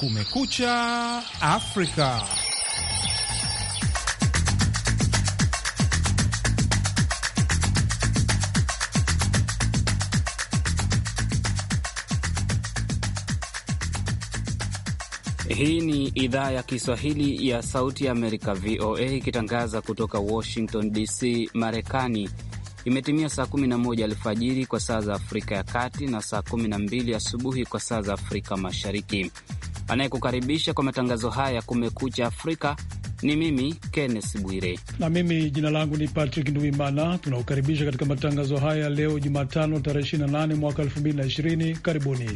Kumekucha Afrika. Hii ni idhaa ya Kiswahili ya Sauti ya Amerika, VOA, ikitangaza kutoka Washington DC, Marekani. Imetimia saa 11 alfajiri kwa saa za Afrika ya Kati na saa 12 asubuhi kwa saa za Afrika Mashariki. Anayekukaribisha kwa matangazo haya Kumekucha Afrika ni mimi Kenneth Bwire na mimi jina langu ni Patrick Nduimana. Tunakukaribisha katika matangazo haya leo Jumatano tarehe 28 mwaka 2020. Karibuni.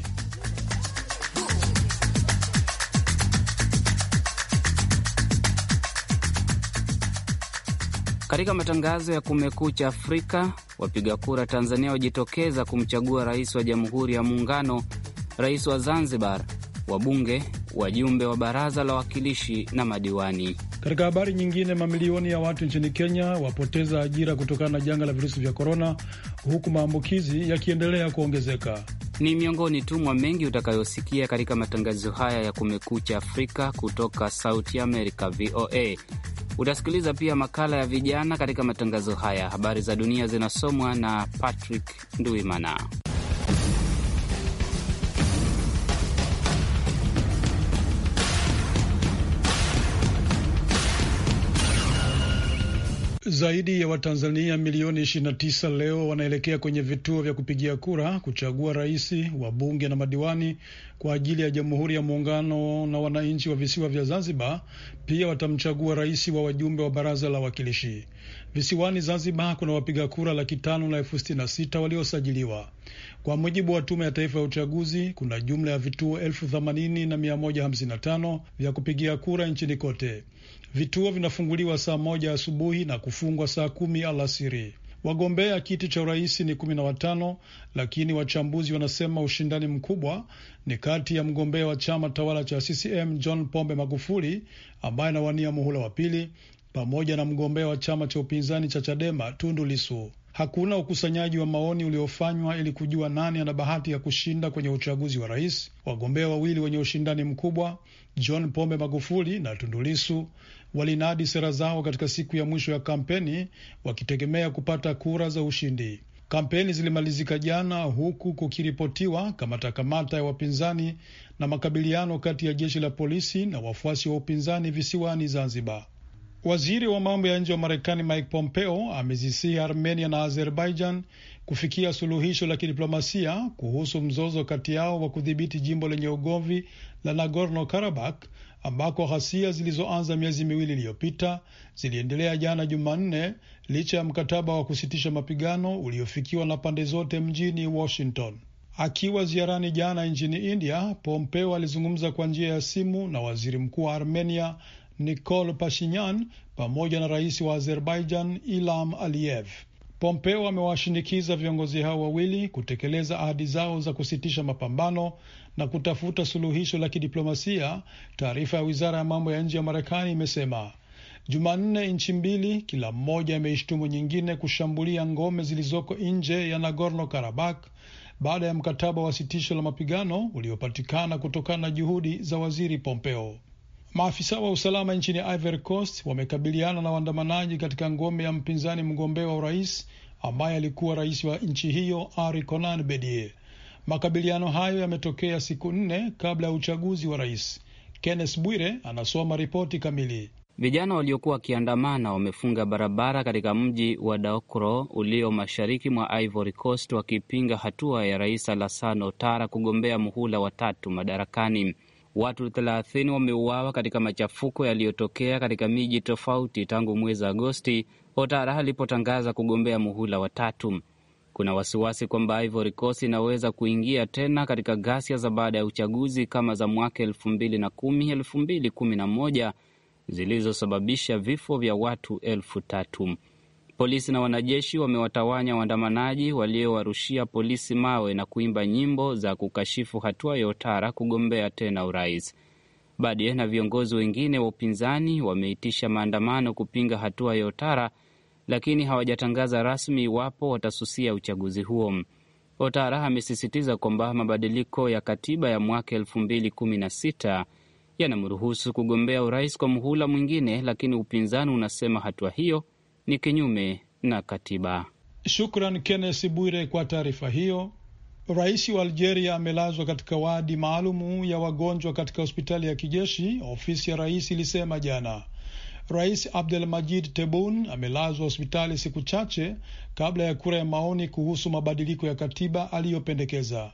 Katika matangazo ya Kumekucha Afrika, wapiga kura Tanzania wajitokeza kumchagua rais wa Jamhuri ya Muungano, rais wa Zanzibar wabunge, wajumbe wa baraza la wawakilishi na madiwani. Katika habari nyingine, mamilioni ya watu nchini Kenya wapoteza ajira kutokana na janga la virusi vya korona, huku maambukizi yakiendelea kuongezeka. Ni miongoni tu mwa mengi utakayosikia katika matangazo haya ya Kumekucha Afrika kutoka Sauti Amerika, VOA. Utasikiliza pia makala ya vijana katika matangazo haya. Habari za dunia zinasomwa na Patrick Nduimana. Zaidi ya Watanzania milioni 29 leo wanaelekea kwenye vituo vya kupigia kura kuchagua rais, wabunge na madiwani kwa ajili ya Jamhuri ya Muungano na wananchi wa visiwa vya Zanzibar pia watamchagua rais wa wajumbe wa Baraza la Wawakilishi. Visiwani Zanzibar kuna wapiga kura laki tano na elfu sitini na sita waliosajiliwa. Kwa mujibu wa Tume ya Taifa ya Uchaguzi, kuna jumla ya vituo elfu themanini na mia moja hamsini na tano vya kupigia kura nchini kote. Vituo vinafunguliwa saa moja asubuhi na kufungwa saa kumi alasiri. Wagombea kiti cha urais ni kumi na watano, lakini wachambuzi wanasema ushindani mkubwa ni kati ya mgombea wa chama tawala cha CCM John Pombe Magufuli ambaye anawania muhula wa pili pamoja na mgombea wa chama cha upinzani cha Chadema Tundu Lisu. Hakuna ukusanyaji wa maoni uliofanywa ili kujua nani ana bahati ya kushinda kwenye uchaguzi wa rais. Wagombea wawili wenye ushindani mkubwa John Pombe Magufuli na Tundu walinadi sera zao katika siku ya mwisho ya kampeni wakitegemea kupata kura za ushindi. Kampeni zilimalizika jana huku kukiripotiwa kamatakamata ya wapinzani na makabiliano kati ya jeshi la polisi na wafuasi wa upinzani visiwani Zanzibar. Waziri wa mambo ya nje wa Marekani Mike Pompeo amezisihi Armenia na Azerbaijan kufikia suluhisho la kidiplomasia kuhusu mzozo kati yao wa kudhibiti jimbo lenye ugomvi la Nagorno Karabakh ambako ghasia zilizoanza miezi miwili iliyopita ziliendelea jana Jumanne licha ya mkataba wa kusitisha mapigano uliofikiwa na pande zote mjini Washington. Akiwa ziarani jana nchini India, Pompeo alizungumza kwa njia ya simu na waziri mkuu wa Armenia Nikol Pashinyan pamoja na rais wa Azerbaijan Ilham Aliyev. Pompeo amewashinikiza viongozi hao wawili kutekeleza ahadi zao za kusitisha mapambano na kutafuta suluhisho la kidiplomasia. Taarifa ya wizara ya mambo ya nje ya Marekani imesema Jumanne nchi mbili kila mmoja ameishtumu nyingine kushambulia ngome zilizoko nje ya Nagorno Karabakh baada ya mkataba wa sitisho la mapigano uliopatikana kutokana na juhudi za waziri Pompeo. Maafisa wa usalama nchini Ivory Coast wamekabiliana na waandamanaji katika ngome ya mpinzani mgombea wa urais ambaye alikuwa rais wa nchi hiyo Ari Konan Bedie. Makabiliano hayo yametokea siku nne kabla ya uchaguzi wa rais. Kenneth Bwire anasoma ripoti kamili. Vijana waliokuwa wakiandamana wamefunga barabara katika mji wa Daokro ulio mashariki mwa Ivory Coast wakipinga hatua ya rais Alassane Ouattara kugombea muhula wa tatu madarakani. Watu 30 wameuawa katika machafuko yaliyotokea katika miji tofauti tangu mwezi Agosti, Otara alipotangaza kugombea muhula wa tatu. Kuna wasiwasi kwamba Ivory Coast inaweza kuingia tena katika ghasia za baada ya uchaguzi kama za mwaka 2010, 2011 zilizosababisha vifo vya watu elfu tatu. Polisi na wanajeshi wamewatawanya waandamanaji waliowarushia polisi mawe na kuimba nyimbo za kukashifu hatua ya Otara kugombea tena urais. Bade na viongozi wengine wa upinzani wameitisha maandamano kupinga hatua ya Otara, lakini hawajatangaza rasmi iwapo watasusia uchaguzi huo. Otara amesisitiza kwamba mabadiliko ya katiba ya mwaka elfu mbili kumi na sita yanamruhusu kugombea urais kwa muhula mwingine, lakini upinzani unasema hatua hiyo ni kinyume na katiba. Shukran Kennes Bwire kwa taarifa hiyo. Rais wa Algeria amelazwa katika wadi maalumu ya wagonjwa katika hospitali ya kijeshi, ofisi ya rais ilisema jana. Rais Majid tebun amelazwa hospitali siku chache kabla ya kura ya maoni kuhusu mabadiliko ya katiba aliyopendekeza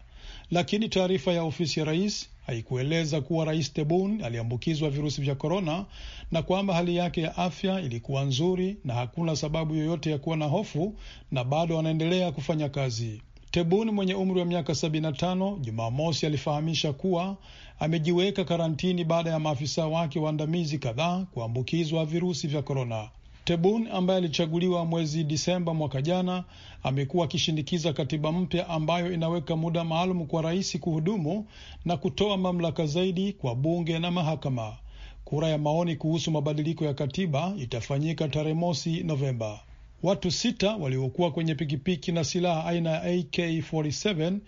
lakini taarifa ya ofisi ya rais haikueleza kuwa Rais Tebun aliambukizwa virusi vya korona na kwamba hali yake ya afya ilikuwa nzuri na hakuna sababu yoyote ya kuwa na hofu na bado anaendelea kufanya kazi. Tebun mwenye umri wa miaka 75 Jumamosi alifahamisha kuwa amejiweka karantini baada ya maafisa wake waandamizi kadhaa kuambukizwa virusi vya korona. Tebun ambaye alichaguliwa mwezi Disemba mwaka jana amekuwa akishinikiza katiba mpya ambayo inaweka muda maalum kwa rais kuhudumu na kutoa mamlaka zaidi kwa bunge na mahakama. Kura ya maoni kuhusu mabadiliko ya katiba itafanyika tarehe mosi Novemba. Watu sita waliokuwa kwenye pikipiki na silaha aina ya AK47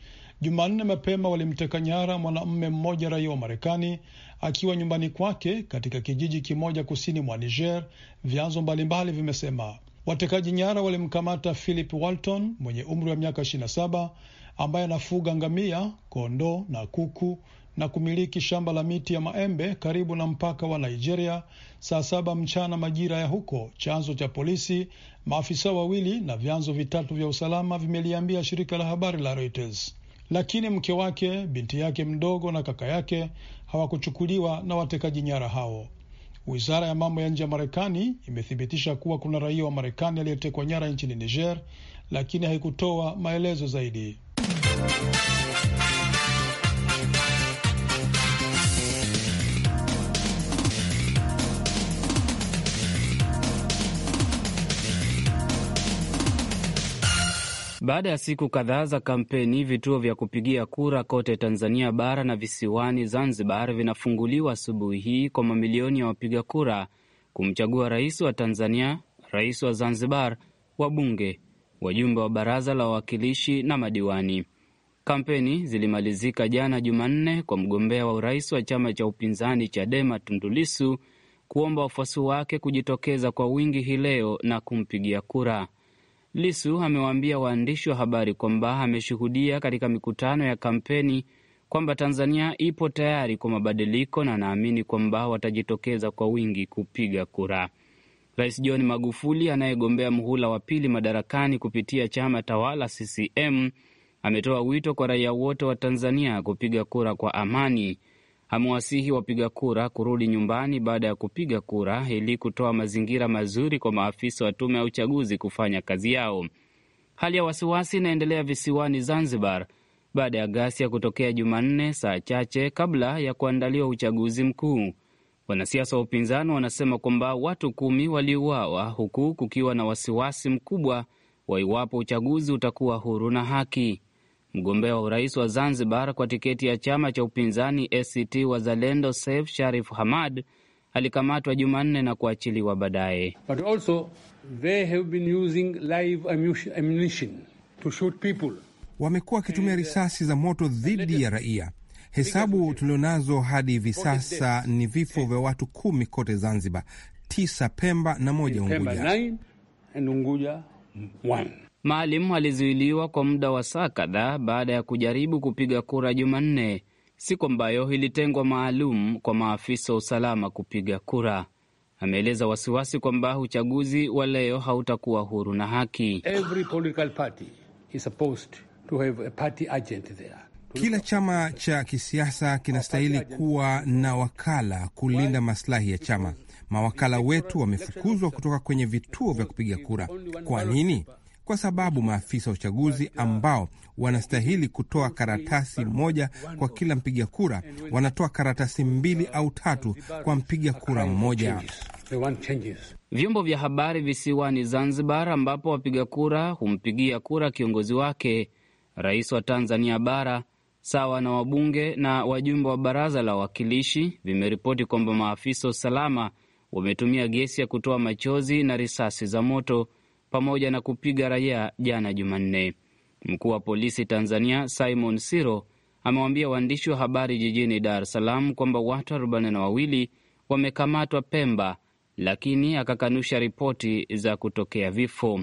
Jumanne mapema walimteka nyara mwanamume mmoja raia wa Marekani akiwa nyumbani kwake katika kijiji kimoja kusini mwa Niger, vyanzo mbalimbali vimesema. Watekaji nyara walimkamata Philip Walton mwenye umri wa miaka 27 ambaye anafuga ngamia, kondoo na kuku na kumiliki shamba la miti ya maembe karibu na mpaka wa Nigeria saa saba mchana majira ya huko, chanzo cha polisi, maafisa wawili na vyanzo vitatu vya usalama vimeliambia shirika la habari la Reuters lakini mke wake, binti yake mdogo na kaka yake hawakuchukuliwa na watekaji nyara hao. Wizara ya mambo ya nje ya Marekani imethibitisha kuwa kuna raia wa Marekani aliyetekwa nyara nchini Niger, lakini haikutoa maelezo zaidi. Baada ya siku kadhaa za kampeni, vituo vya kupigia kura kote Tanzania bara na visiwani Zanzibar vinafunguliwa asubuhi hii kwa mamilioni ya wapiga kura kumchagua rais wa Tanzania, rais wa Zanzibar, wabunge, wajumbe wa baraza la wawakilishi na madiwani. Kampeni zilimalizika jana Jumanne kwa mgombea wa urais wa chama cha upinzani Chadema, Tundulisu, kuomba wafuasi wake kujitokeza kwa wingi hii leo na kumpigia kura. Lisu amewaambia waandishi wa habari kwamba ameshuhudia katika mikutano ya kampeni kwamba Tanzania ipo tayari kwa mabadiliko na anaamini kwamba watajitokeza kwa wingi kupiga kura. Rais John Magufuli anayegombea mhula wa pili madarakani kupitia chama tawala CCM ametoa wito kwa raia wote wa Tanzania kupiga kura kwa amani amewasihi wapiga kura kurudi nyumbani baada ya kupiga kura ili kutoa mazingira mazuri kwa maafisa wa tume ya uchaguzi kufanya kazi yao. Hali ya wasiwasi inaendelea visiwani Zanzibar baada ya ghasia kutokea Jumanne, saa chache kabla ya kuandaliwa uchaguzi mkuu. Wanasiasa wa upinzani wanasema kwamba watu kumi waliuawa huku kukiwa na wasiwasi mkubwa wa iwapo uchaguzi utakuwa huru na haki. Mgombea wa urais wa Zanzibar kwa tiketi ya chama cha upinzani ACT Wazalendo Seif Sharif Hamad alikamatwa Jumanne na kuachiliwa baadaye. Wamekuwa wakitumia uh, risasi za moto dhidi ya raia. Hesabu tulionazo hadi hivi sasa ni vifo vya watu kumi kote Zanzibar, tisa Pemba na moja Unguja. Maalim alizuiliwa kwa muda wa saa kadhaa baada ya kujaribu kupiga kura Jumanne, siku ambayo ilitengwa maalum kwa maafisa wa usalama kupiga kura. Ameeleza wasiwasi kwamba uchaguzi wa leo hautakuwa huru na haki. Kila chama cha kisiasa kinastahili kuwa na wakala kulinda maslahi ya chama. Mawakala wetu wamefukuzwa kutoka kwenye vituo vya kupiga kura. Kwa nini? kwa sababu maafisa wa uchaguzi ambao wanastahili kutoa karatasi moja kwa kila mpiga kura wanatoa karatasi mbili au tatu kwa mpiga kura mmoja. Vyombo vya habari visiwani Zanzibar, ambapo wapiga kura humpigia kura kiongozi wake rais wa Tanzania bara sawa na wabunge na wajumbe wa baraza la wawakilishi, vimeripoti kwamba maafisa wa usalama wametumia gesi ya kutoa machozi na risasi za moto pamoja na kupiga raia jana Jumanne. Mkuu wa polisi Tanzania Simon Siro amewaambia waandishi wa habari jijini Dar es Salaam kwamba watu arobaini na wawili wamekamatwa Pemba, lakini akakanusha ripoti za kutokea vifo.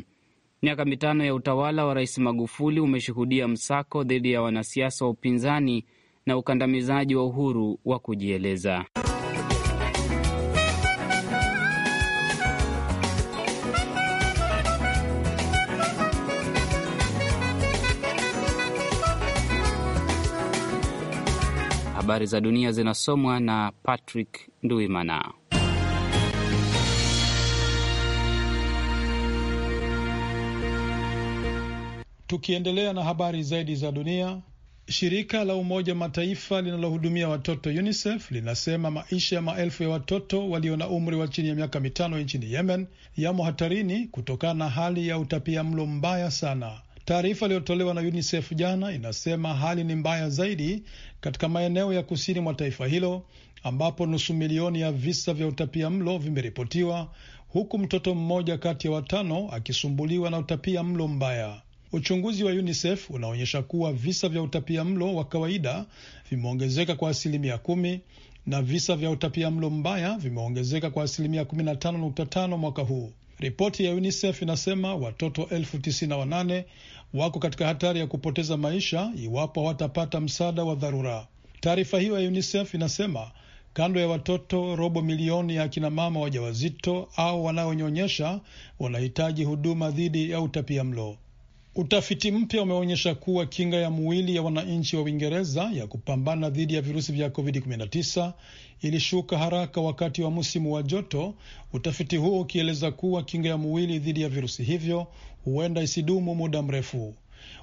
Miaka mitano ya utawala wa Rais Magufuli umeshuhudia msako dhidi ya wanasiasa wa upinzani na ukandamizaji wa uhuru wa kujieleza. Habari za dunia zinasomwa na Patrick Nduimana. Tukiendelea na habari zaidi za dunia, shirika la Umoja Mataifa linalohudumia watoto UNICEF linasema maisha ya maelfu ya watoto walio na umri wa chini ya miaka mitano nchini Yemen yamo hatarini kutokana na hali ya utapia mlo mbaya sana. Taarifa iliyotolewa na UNICEF jana inasema hali ni mbaya zaidi katika maeneo ya kusini mwa taifa hilo ambapo nusu milioni ya visa vya utapia mlo vimeripotiwa huku mtoto mmoja kati ya watano akisumbuliwa na utapia mlo mbaya. Uchunguzi wa UNICEF unaonyesha kuwa visa vya utapia mlo wa kawaida vimeongezeka kwa asilimia kumi na visa vya utapia mlo mbaya vimeongezeka kwa asilimia kumi na tano nukta tano mwaka huu. Ripoti ya UNICEF inasema watoto elfu tisini na wanane wako katika hatari ya kupoteza maisha iwapo hawatapata msaada wa dharura. Taarifa hiyo ya UNICEF inasema kando ya watoto, robo milioni ya akinamama wajawazito au wanaonyonyesha wanahitaji huduma dhidi ya utapia mlo. Utafiti mpya umeonyesha kuwa kinga ya mwili ya wananchi wa Uingereza ya kupambana dhidi ya virusi vya COVID-19 ilishuka haraka wakati wa msimu wa joto, utafiti huo ukieleza kuwa kinga ya mwili dhidi ya virusi hivyo huenda isidumu muda mrefu.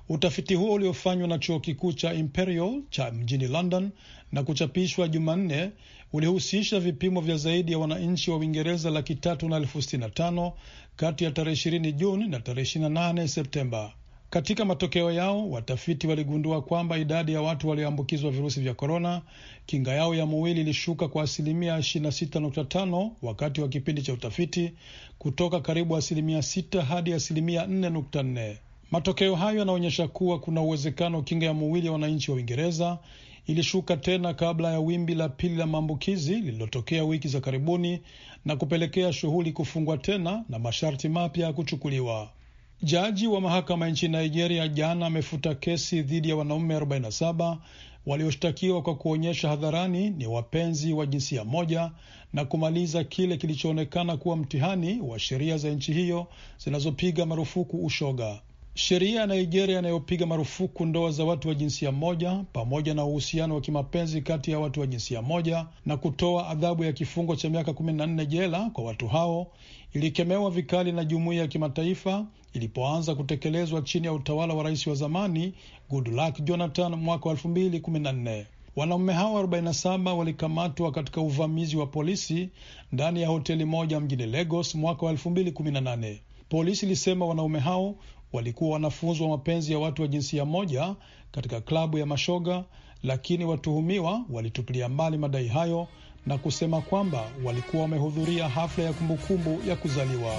Utafiti huo uliofanywa na chuo kikuu cha Imperial cha mjini London na kuchapishwa Jumanne ulihusisha vipimo vya zaidi ya wananchi wa Uingereza laki tatu na elfu sitini na tano kati ya tarehe 20 Juni na tarehe 28 Septemba. Katika matokeo yao watafiti waligundua kwamba idadi ya watu walioambukizwa virusi vya korona, kinga yao ya mwili ilishuka kwa asilimia 26.5 wakati wa kipindi cha utafiti kutoka karibu asilimia 6 hadi asilimia 4.4. Matokeo hayo yanaonyesha kuwa kuna uwezekano kinga ya mwili ya wananchi wa Uingereza ilishuka tena kabla ya wimbi la pili la maambukizi lililotokea wiki za karibuni na kupelekea shughuli kufungwa tena na masharti mapya ya kuchukuliwa. Jaji wa mahakama nchini Nigeria jana amefuta kesi dhidi ya wanaume 47 walioshtakiwa kwa kuonyesha hadharani ni wapenzi wa jinsia moja na kumaliza kile kilichoonekana kuwa mtihani wa sheria za nchi hiyo zinazopiga marufuku ushoga. Sheria ya Nigeria inayopiga marufuku ndoa za watu wa jinsia moja pamoja na uhusiano wa kimapenzi kati ya watu wa jinsia moja na kutoa adhabu ya kifungo cha miaka kumi na nne jela kwa watu hao ilikemewa vikali na jumuiya ya kimataifa ilipoanza kutekelezwa chini ya utawala wa rais wa zamani Goodluck Jonathan mwaka wa elfu mbili kumi na nne. Wanaume hao 47 walikamatwa katika uvamizi wa polisi ndani ya hoteli moja mjini Lagos mwaka wa nane. Polisi ilisema wanaume hao walikuwa wanafunzwa mapenzi ya watu wa jinsia moja katika klabu ya mashoga, lakini watuhumiwa walitupilia mbali madai hayo na kusema kwamba walikuwa wamehudhuria hafla ya kumbukumbu ya kuzaliwa.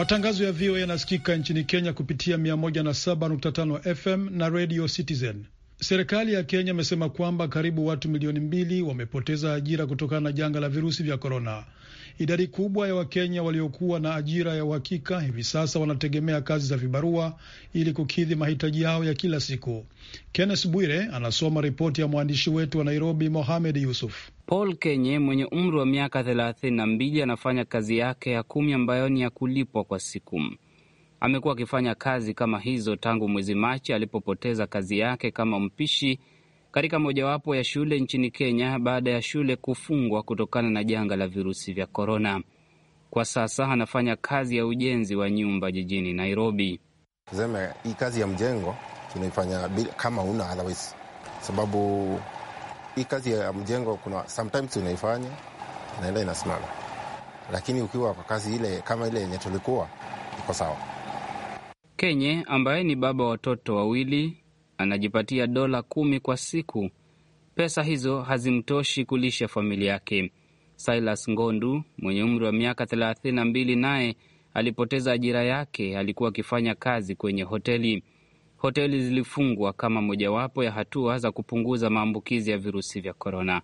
Matangazo ya VOA yanasikika nchini Kenya kupitia 107.5 FM na Radio Citizen. Serikali ya Kenya imesema kwamba karibu watu milioni mbili wamepoteza ajira kutokana na janga la virusi vya korona. Idadi kubwa ya Wakenya waliokuwa na ajira ya uhakika hivi sasa wanategemea kazi za vibarua ili kukidhi mahitaji yao ya kila siku. Kenneth Bwire anasoma ripoti ya mwandishi wetu wa Nairobi, Mohamed Yusuf. Paul Kenye mwenye umri wa miaka thelathini na mbili anafanya kazi yake ya kumi ambayo ni ya kulipwa kwa siku. Amekuwa akifanya kazi kama hizo tangu mwezi Machi alipopoteza kazi yake kama mpishi katika mojawapo ya shule nchini Kenya baada ya shule kufungwa kutokana na janga la virusi vya korona. Kwa sasa anafanya kazi ya ujenzi wa nyumba jijini Nairobi. Tuseme hii kazi ya mjengo tunaifanya kama una otherwise, sababu hii kazi ya mjengo kuna sometimes unaifanya naenda inasimama, lakini ukiwa kwa kazi ile kama ile yenye tulikuwa iko sawa. Kenye ambaye ni baba watoto wawili anajipatia dola kumi kwa siku. Pesa hizo hazimtoshi kulisha familia yake. Silas Ngondu mwenye umri wa miaka thelathini na mbili naye alipoteza ajira yake. Alikuwa akifanya kazi kwenye hoteli. Hoteli zilifungwa kama mojawapo ya hatua za kupunguza maambukizi ya virusi vya korona.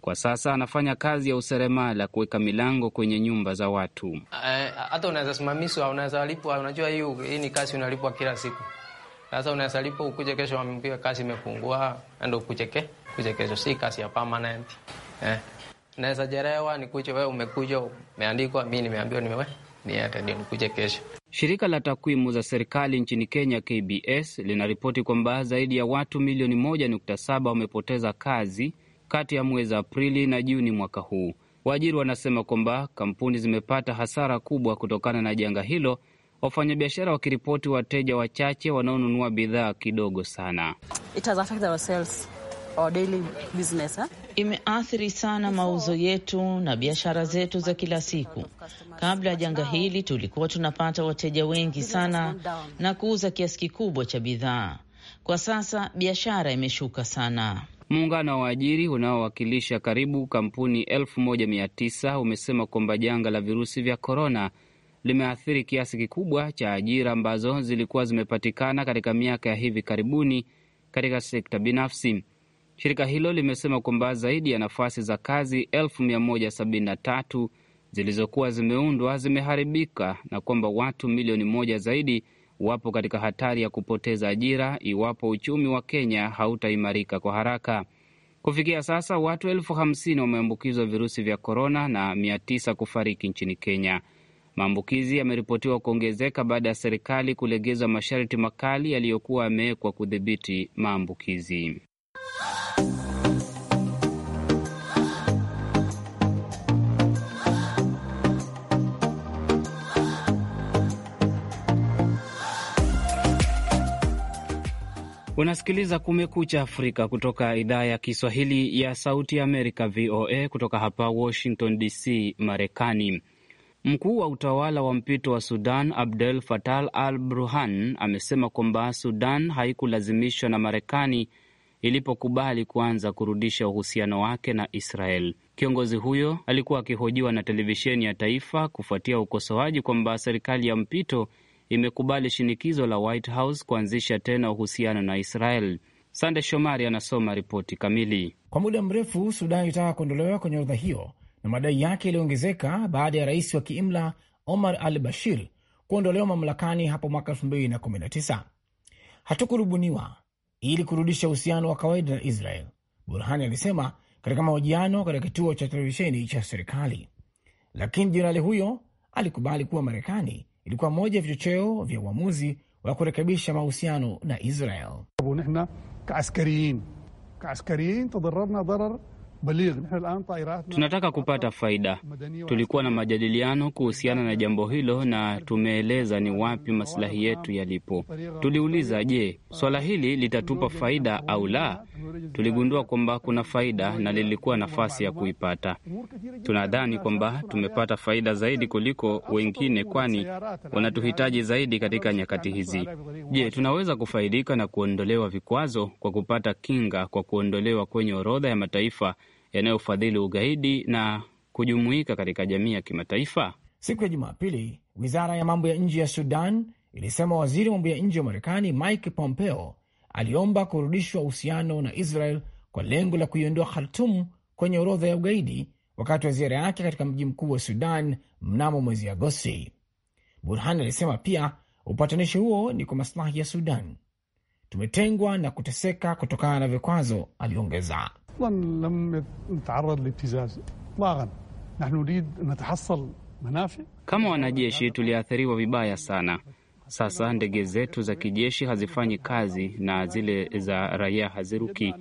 Kwa sasa anafanya kazi ya useremala, kuweka milango kwenye nyumba za watu. Eh, hata uh, unaweza simamishwa, unaweza lipwa. Unajua hii ni kazi unalipwa kila siku sasa unaweza ukuje kesho, wamwambie kazi imepungua, ndio kucheke kuchekesho, si kazi ya permanent eh. Naweza jerewa nikuje, wewe umekuja umeandikwa, mimi nimeambiwa nimewe niende ndio nikuje kesho. Shirika la takwimu za serikali nchini Kenya KBS linaripoti kwamba zaidi ya watu milioni 1.7 wamepoteza kazi kati ya mwezi Aprili na Juni mwaka huu. Waajiri wanasema kwamba kampuni zimepata hasara kubwa kutokana na janga hilo wafanyabiashara wakiripoti wateja wachache wanaonunua bidhaa kidogo sana. Business, imeathiri sana mauzo yetu na biashara zetu za kila siku. Kabla ya janga hili, tulikuwa tunapata wateja wengi sana na kuuza kiasi kikubwa cha bidhaa. Kwa sasa biashara imeshuka sana. Muungano wa waajiri unaowakilisha karibu kampuni 1900 umesema kwamba janga la virusi vya korona limeathiri kiasi kikubwa cha ajira ambazo zilikuwa zimepatikana katika miaka ya hivi karibuni katika sekta binafsi. Shirika hilo limesema kwamba zaidi ya nafasi za kazi elfu mia moja sabini na tatu zilizokuwa zimeundwa zimeharibika na kwamba watu milioni moja zaidi wapo katika hatari ya kupoteza ajira iwapo uchumi wa Kenya hautaimarika kwa haraka. Kufikia sasa watu elfu hamsini wameambukizwa virusi vya korona na mia tisa kufariki nchini Kenya. Maambukizi yameripotiwa kuongezeka baada ya serikali kulegeza masharti makali yaliyokuwa yamewekwa kudhibiti maambukizi. Unasikiliza Kumekucha Afrika kutoka idhaa ya Kiswahili ya Sauti ya Amerika, VOA, kutoka hapa Washington DC, Marekani. Mkuu wa utawala wa mpito wa Sudan Abdel Fattah al Burhan amesema kwamba Sudan haikulazimishwa na Marekani ilipokubali kuanza kurudisha uhusiano wake na Israel. Kiongozi huyo alikuwa akihojiwa na televisheni ya taifa kufuatia ukosoaji kwamba serikali ya mpito imekubali shinikizo la White House kuanzisha tena uhusiano na Israel. Sande Shomari anasoma ripoti kamili. Kwa muda mrefu Sudan ilitaka kuondolewa kwenye orodha hiyo na madai yake yaliongezeka baada ya rais wa kiimla Omar al Bashir kuondolewa mamlakani hapo mwaka 2019. Hatukurubuniwa ili kurudisha uhusiano wa kawaida na Israel, Burhani alisema katika mahojiano katika kituo cha televisheni cha serikali. Lakini jenerali huyo alikubali kuwa Marekani ilikuwa moja ya vichocheo vya uamuzi wa kurekebisha mahusiano na Israel. Tunataka kupata faida. Tulikuwa na majadiliano kuhusiana na jambo hilo na tumeeleza ni wapi masilahi yetu yalipo. Tuliuliza, je, swala hili litatupa faida au la? Tuligundua kwamba kuna faida na lilikuwa nafasi ya kuipata. Tunadhani kwamba tumepata faida zaidi kuliko wengine, kwani wanatuhitaji zaidi katika nyakati hizi. Je, tunaweza kufaidika na kuondolewa vikwazo kwa kupata kinga kwa kuondolewa kwenye orodha ya mataifa yanayofadhili ugaidi na kujumuika katika jamii ya kimataifa? Siku ya Jumapili, wizara ya mambo ya nje ya Sudan ilisema waziri wa mambo ya nje wa Marekani Mike Pompeo aliomba kurudishwa uhusiano na Israel kwa lengo la kuiondoa Khartum kwenye orodha ya ugaidi wakati wa ziara yake katika mji mkuu wa Sudan mnamo mwezi Agosti. Burhan alisema pia upatanishi huo ni kwa maslahi ya Sudan. Tumetengwa na kuteseka kutokana na vikwazo, aliongeza. اصلا لم نتعرض لابتزاز اطلاقا نحن نريد ان نتحصل manafya. Kama wanajeshi tuliathiriwa vibaya sana. Sasa ndege zetu za kijeshi hazifanyi kazi na zile za raia haziruki,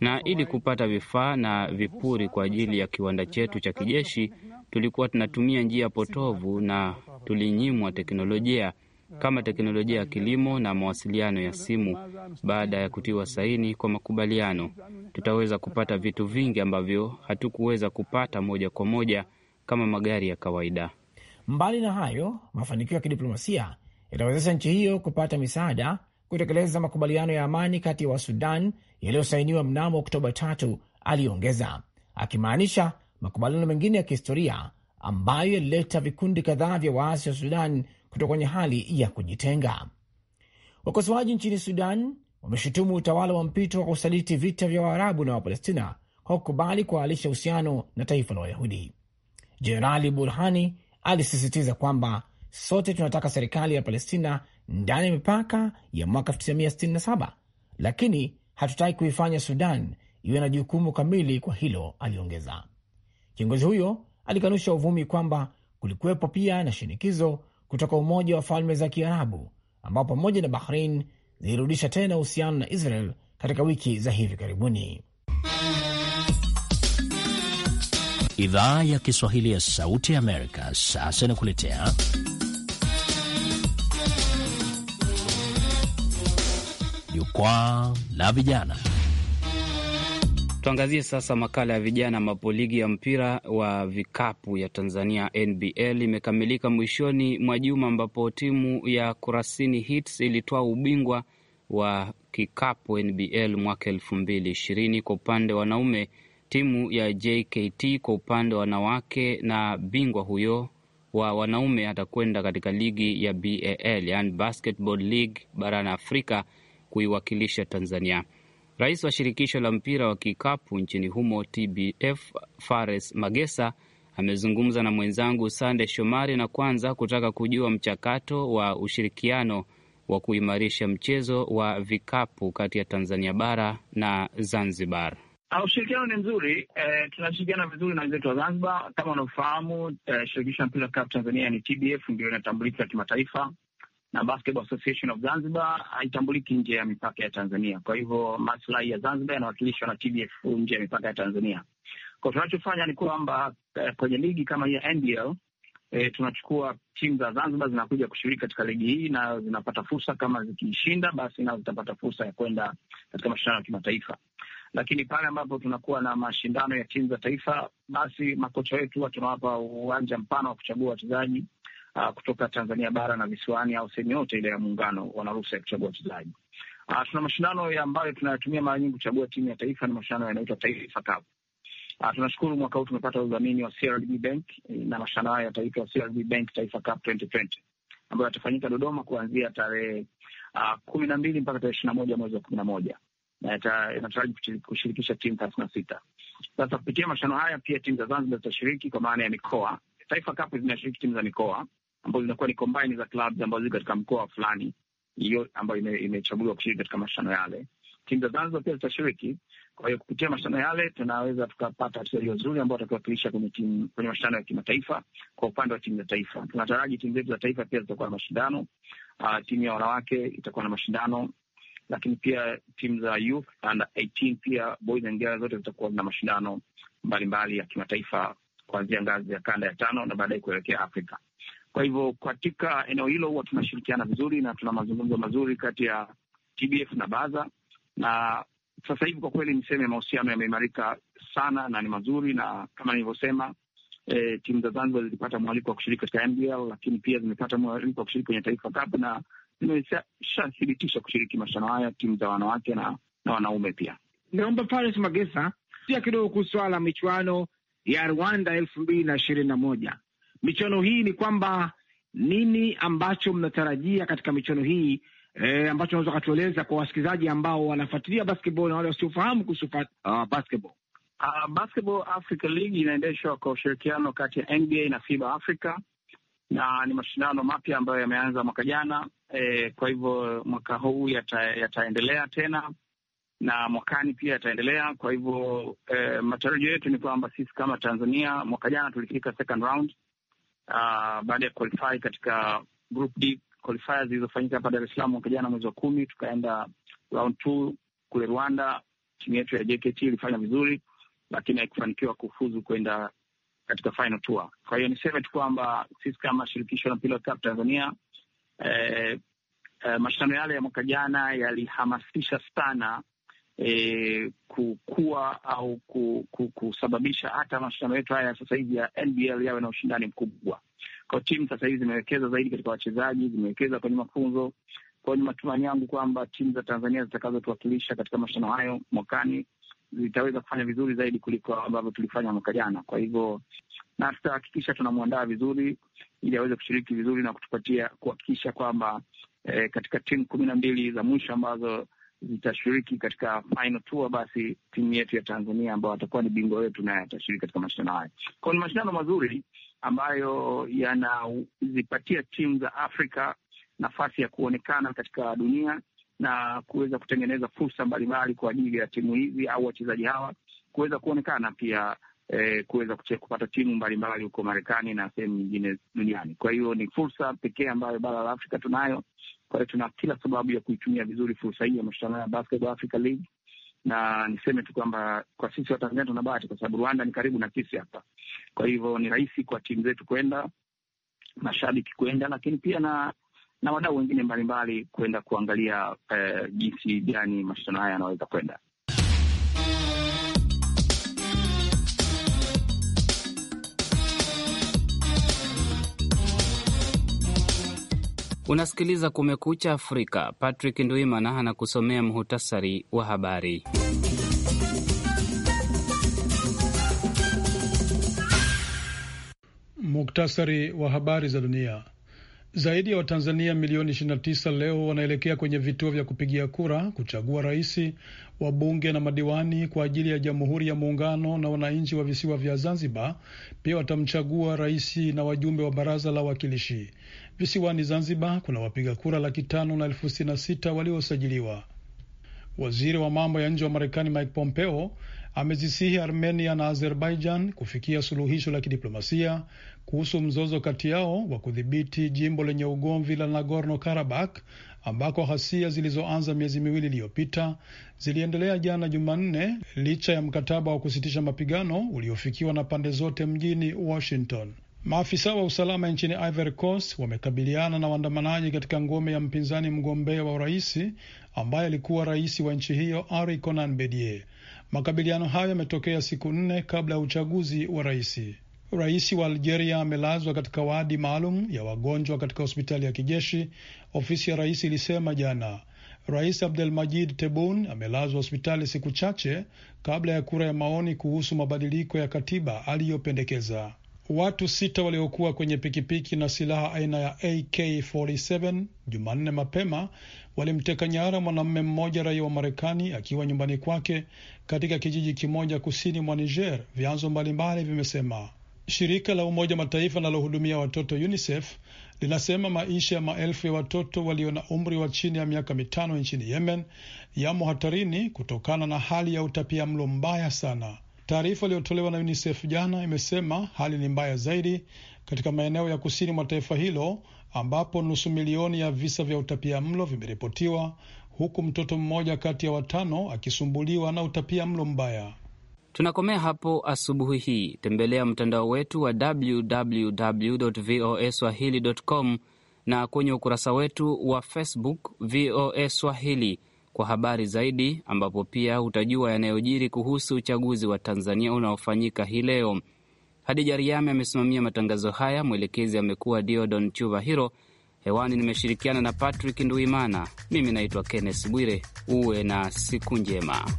na ili kupata vifaa na vipuri kwa ajili ya kiwanda chetu cha kijeshi tulikuwa tunatumia njia potovu na tulinyimwa teknolojia kama teknolojia ya kilimo na mawasiliano ya simu. Baada ya kutiwa saini kwa makubaliano, tutaweza kupata vitu vingi ambavyo hatukuweza kupata moja kwa moja kama magari ya kawaida. Mbali na hayo, mafanikio ya kidiplomasia yatawezesha nchi hiyo kupata misaada kutekeleza makubaliano ya amani kati ya wa Wasudan yaliyosainiwa mnamo Oktoba tatu, aliyoongeza akimaanisha makubaliano mengine ya kihistoria ambayo yalileta vikundi kadhaa vya waasi wa Sudan kutoka kwenye hali ya kujitenga. Wakosoaji nchini Sudan wameshutumu utawala wa mpito wa kusaliti vita vya Waarabu na Wapalestina kwa kukubali kuhalisha uhusiano na taifa la Wayahudi. Jenerali Burhani alisisitiza kwamba sote tunataka serikali ya Palestina ndani ya mipaka ya mwaka 1967 lakini hatutaki kuifanya Sudan iwe na jukumu kamili kwa hilo, aliongeza. Kiongozi huyo alikanusha uvumi kwamba kulikuwepo pia na shinikizo kutoka Umoja wa Falme za Kiarabu ambao pamoja na Bahrain zilirudisha tena uhusiano na Israel katika wiki za hivi karibuni. Idhaa ya Kiswahili ya Sauti ya Amerika sasa inakuletea Jukwaa la Vijana. Tuangazie sasa makala ya vijana, ambapo ligi ya mpira wa vikapu ya Tanzania NBL imekamilika mwishoni mwa juma, ambapo timu ya Kurasini Hits ilitoa ubingwa wa kikapu NBL mwaka elfu mbili ishirini kwa upande wa wanaume, timu ya JKT kwa upande wa wanawake, na bingwa huyo wa wanaume atakwenda katika ligi ya BAL, yani Basketball League barani Afrika kuiwakilisha Tanzania. Rais wa shirikisho la mpira wa kikapu nchini humo TBF Fares Magesa amezungumza na mwenzangu Sande Shomari na kwanza kutaka kujua mchakato wa ushirikiano wa kuimarisha mchezo wa vikapu kati ya Tanzania bara na Zanzibar. Ah, ushirikiano ni mzuri eh, tunashirikiana vizuri na wenzetu wa Zanzibar. Kama unavyofahamu eh, shirikisho la mpira wa kikapu Tanzania ni TBF, ndio inatambulika kimataifa na Basketball Association of Zanzibar haitambuliki nje ya mipaka ya Tanzania. Kwa hivyo maslahi ya Zanzibar yanawakilishwa na TBF nje ya mipaka ya Tanzania. Kwa tunachofanya ni kwamba eh, kwenye ligi kama hii ya NBL e, eh, tunachukua timu za Zanzibar zinakuja kushiriki katika ligi hii na zinapata fursa, kama zikishinda basi nao zitapata fursa ya kwenda katika mashindano ya kimataifa. Lakini pale ambapo tunakuwa na mashindano ya timu za taifa, basi makocha wetu huwa tunawapa uwanja mpana wa kuchagua wachezaji uh, kutoka Tanzania bara na visiwani au sehemu yote ile ya Muungano wana ruhusa ya kuchagua wachezaji. Uh, tuna mashindano ambayo tunayatumia mara nyingi kuchagua timu ya taifa na mashindano yanaitwa Taifa Cup. Uh, tunashukuru mwaka huu tumepata udhamini wa CRDB Bank na mashindano hayo yataitwa CRDB Bank Taifa Cup 2020 ambayo yatafanyika Dodoma kuanzia tarehe uh, kumi na mbili mpaka tarehe ishirini na moja mwezi wa kumi na moja na inataraji kushirikisha timu thelathini na sita. Sasa kupitia mashindano haya pia timu za Zanzibar zitashiriki kwa maana ya mikoa. Taifa Cup zinashiriki timu za mikoa ambazo zinakuwa ni combine za clubs ambazo ziko katika mkoa fulani, hiyo ambayo imechaguliwa ime kushiriki katika mashindano yale. Timu za Zanzibar pia zitashiriki. Kwa hiyo kupitia mashindano yale tunaweza tukapata wachezaji wazuri ambao watakiwakilisha kwenye timu kwenye mashindano ya kimataifa. Kwa upande wa timu za taifa, tunataraji timu zetu za taifa pia zitakuwa na mashindano. Uh, timu ya wanawake itakuwa na mashindano, lakini pia timu za youth under 18 pia boys and girls zote zitakuwa na mashindano mbalimbali ya kimataifa kuanzia ngazi ya kanda ya tano na baadaye kuelekea Afrika. Kwa hivyo katika eneo hilo huwa tunashirikiana vizuri na tuna mazungumzo mazuri kati ya TBF na Baza, na sasa hivi kwa kweli niseme mahusiano yameimarika sana na ni mazuri, na kama nilivyosema E, timu za Zanzibar zilipata mwaliko wa kushiriki katika NBL lakini pia zimepata mwaliko wa kushiriki kwenye Taifa Cup na zimeshathibitisha kushiriki mashindano haya, timu za wanawake na, na wanaume pia. Naomba Paris Magesa pia kidogo kuhusu swala la michuano ya Rwanda elfu mbili na ishirini na moja michuano hii ni kwamba nini ambacho mnatarajia katika michuano hii e, ambacho unaweza ukatueleza kwa wasikilizaji ambao wanafuatilia basketball na wale wasiofahamu kuhusu uh, basketball? Uh, Basketball Africa League inaendeshwa kwa ushirikiano kati ya NBA na FIBA Africa na ni mashindano mapya ambayo yameanza mwaka jana e, kwa hivyo mwaka huu yataendelea yata tena na mwakani pia yataendelea. Kwa hivyo e, matarajio yetu ni kwamba sisi kama Tanzania mwaka jana tulifika second round uh, baada ya qualify katika group D qualifiers zilizofanyika hapa Dar es Salaam mwaka jana mwezi wa kumi, tukaenda round two kule Rwanda. Timu yetu ya JKT ilifanya vizuri, lakini haikufanikiwa kufuzu kwenda katika final tour. Kwa hiyo niseme tu kwamba sisi kama shirikisho la mpira wa kikapu Tanzania eh, eh, mashindano yale ya mwaka jana yalihamasisha sana e, kukua au kusababisha hata mashindano yetu haya sasa hivi ya NBL yawe na ushindani mkubwa. Kwa timu sasa hivi zimewekeza zaidi katika wachezaji, zimewekeza kwenye mafunzo. Kwa ni matumaini yangu kwamba timu za Tanzania zitakazotuwakilisha katika mashindano hayo mwakani zitaweza kufanya vizuri zaidi kuliko ambavyo tulifanya mwaka jana. Kwa hivyo na tutahakikisha tunamwandaa vizuri ili aweze kushiriki vizuri na kutupatia kuhakikisha kwamba eh, katika timu kumi na mbili za mwisho ambazo zitashiriki katika final tour, basi timu yetu ya Tanzania ambao watakuwa ni bingwa wetu naye atashiriki katika mashindano haya. Kwa ni mashindano mazuri ambayo yanazipatia timu za Afrika nafasi ya kuonekana katika dunia na kuweza kutengeneza fursa mbalimbali kwa ajili ya timu hizi au wachezaji hawa kuweza kuonekana pia eh, kuweza kupata timu mbalimbali huko Marekani na sehemu nyingine duniani. Kwa hiyo ni fursa pekee ambayo bara la Afrika tunayo kwa hiyo tuna kila sababu ya kuitumia vizuri fursa hii ya mashindano ya Basketball Africa League, na niseme tu kwamba kwa sisi Watanzania tuna bahati kwa sababu Rwanda ni karibu na sisi hapa, kwa hivyo ni rahisi kwa timu zetu kwenda, mashabiki kwenda, lakini pia na na wadau wengine mbalimbali kwenda kuangalia eh, jinsi gani mashindano haya yanaweza kwenda. Unasikiliza Kumekucha Afrika. Patrick Nduimana anakusomea muhutasari wa habari. Muktasari wa habari za dunia. Zaidi ya Watanzania milioni 29 leo wanaelekea kwenye vituo vya kupigia kura kuchagua raisi, wabunge na madiwani kwa ajili ya Jamhuri ya Muungano, na wananchi wa visiwa vya Zanzibar pia watamchagua raisi na wajumbe wa Baraza la Wawakilishi. Visiwani Zanzibar kuna wapiga kura laki tano na elfu sitini na sita waliosajiliwa. Waziri wa mambo ya nje wa Marekani Mike Pompeo amezisihi Armenia na Azerbaijan kufikia suluhisho la kidiplomasia kuhusu mzozo kati yao wa kudhibiti jimbo lenye ugomvi la Nagorno Karabakh ambako ghasia zilizoanza miezi miwili iliyopita ziliendelea jana Jumanne licha ya mkataba wa kusitisha mapigano uliofikiwa na pande zote mjini Washington. Maafisa wa usalama nchini Ivory Coast wamekabiliana na waandamanaji katika ngome ya mpinzani mgombea wa uraisi ambaye alikuwa rais wa nchi hiyo Ari conan Bedie. Makabiliano hayo yametokea siku nne kabla ya uchaguzi wa raisi. Rais wa Algeria amelazwa katika wadi maalum ya wagonjwa katika hospitali ya kijeshi, ofisi ya rais ilisema jana. Rais Abdelmajid Tebboune amelazwa hospitali siku chache kabla ya kura ya maoni kuhusu mabadiliko ya katiba aliyopendekeza. Watu sita waliokuwa kwenye pikipiki na silaha aina ya AK47 Jumanne mapema walimteka nyara mwanamume mmoja raia wa Marekani akiwa nyumbani kwake katika kijiji kimoja kusini mwa Niger, vyanzo mbalimbali vimesema. Shirika la Umoja Mataifa linalohudumia watoto UNICEF linasema maisha ya maelfu ya watoto walio na umri wa chini ya miaka mitano nchini Yemen yamo hatarini kutokana na hali ya utapia mlo mbaya sana. Taarifa iliyotolewa na UNICEF jana imesema hali ni mbaya zaidi katika maeneo ya kusini mwa taifa hilo ambapo nusu milioni ya visa vya utapia mlo vimeripotiwa, huku mtoto mmoja kati ya watano akisumbuliwa na utapia mlo mbaya. Tunakomea hapo asubuhi hii. Tembelea mtandao wetu wa www voa swahili com na kwenye ukurasa wetu wa Facebook VOA Swahili kwa habari zaidi, ambapo pia utajua yanayojiri kuhusu uchaguzi wa Tanzania unaofanyika hii leo. Hadija Riame amesimamia matangazo haya, mwelekezi amekuwa Diodon Chuva Hiro. Hewani nimeshirikiana na Patrick Nduimana. Mimi naitwa Kenneth Bwire. Uwe na siku njema.